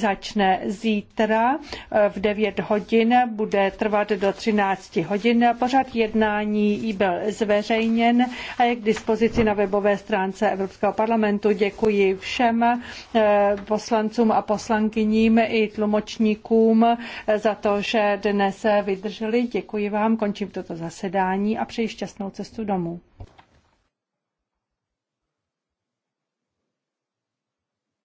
začne zítra v 9 hodin, bude trvat do 13 hodin. Pořad jednání byl zveřejněn a je k dispozici na webové stránce Evropského parlamentu. Děkuji všem eh, poslancům a poslankyním i tlumočníkům eh, za to, že dnes vydrželi. Děkuji vám, končím toto zasedání a přeji šťastnou cestu domů.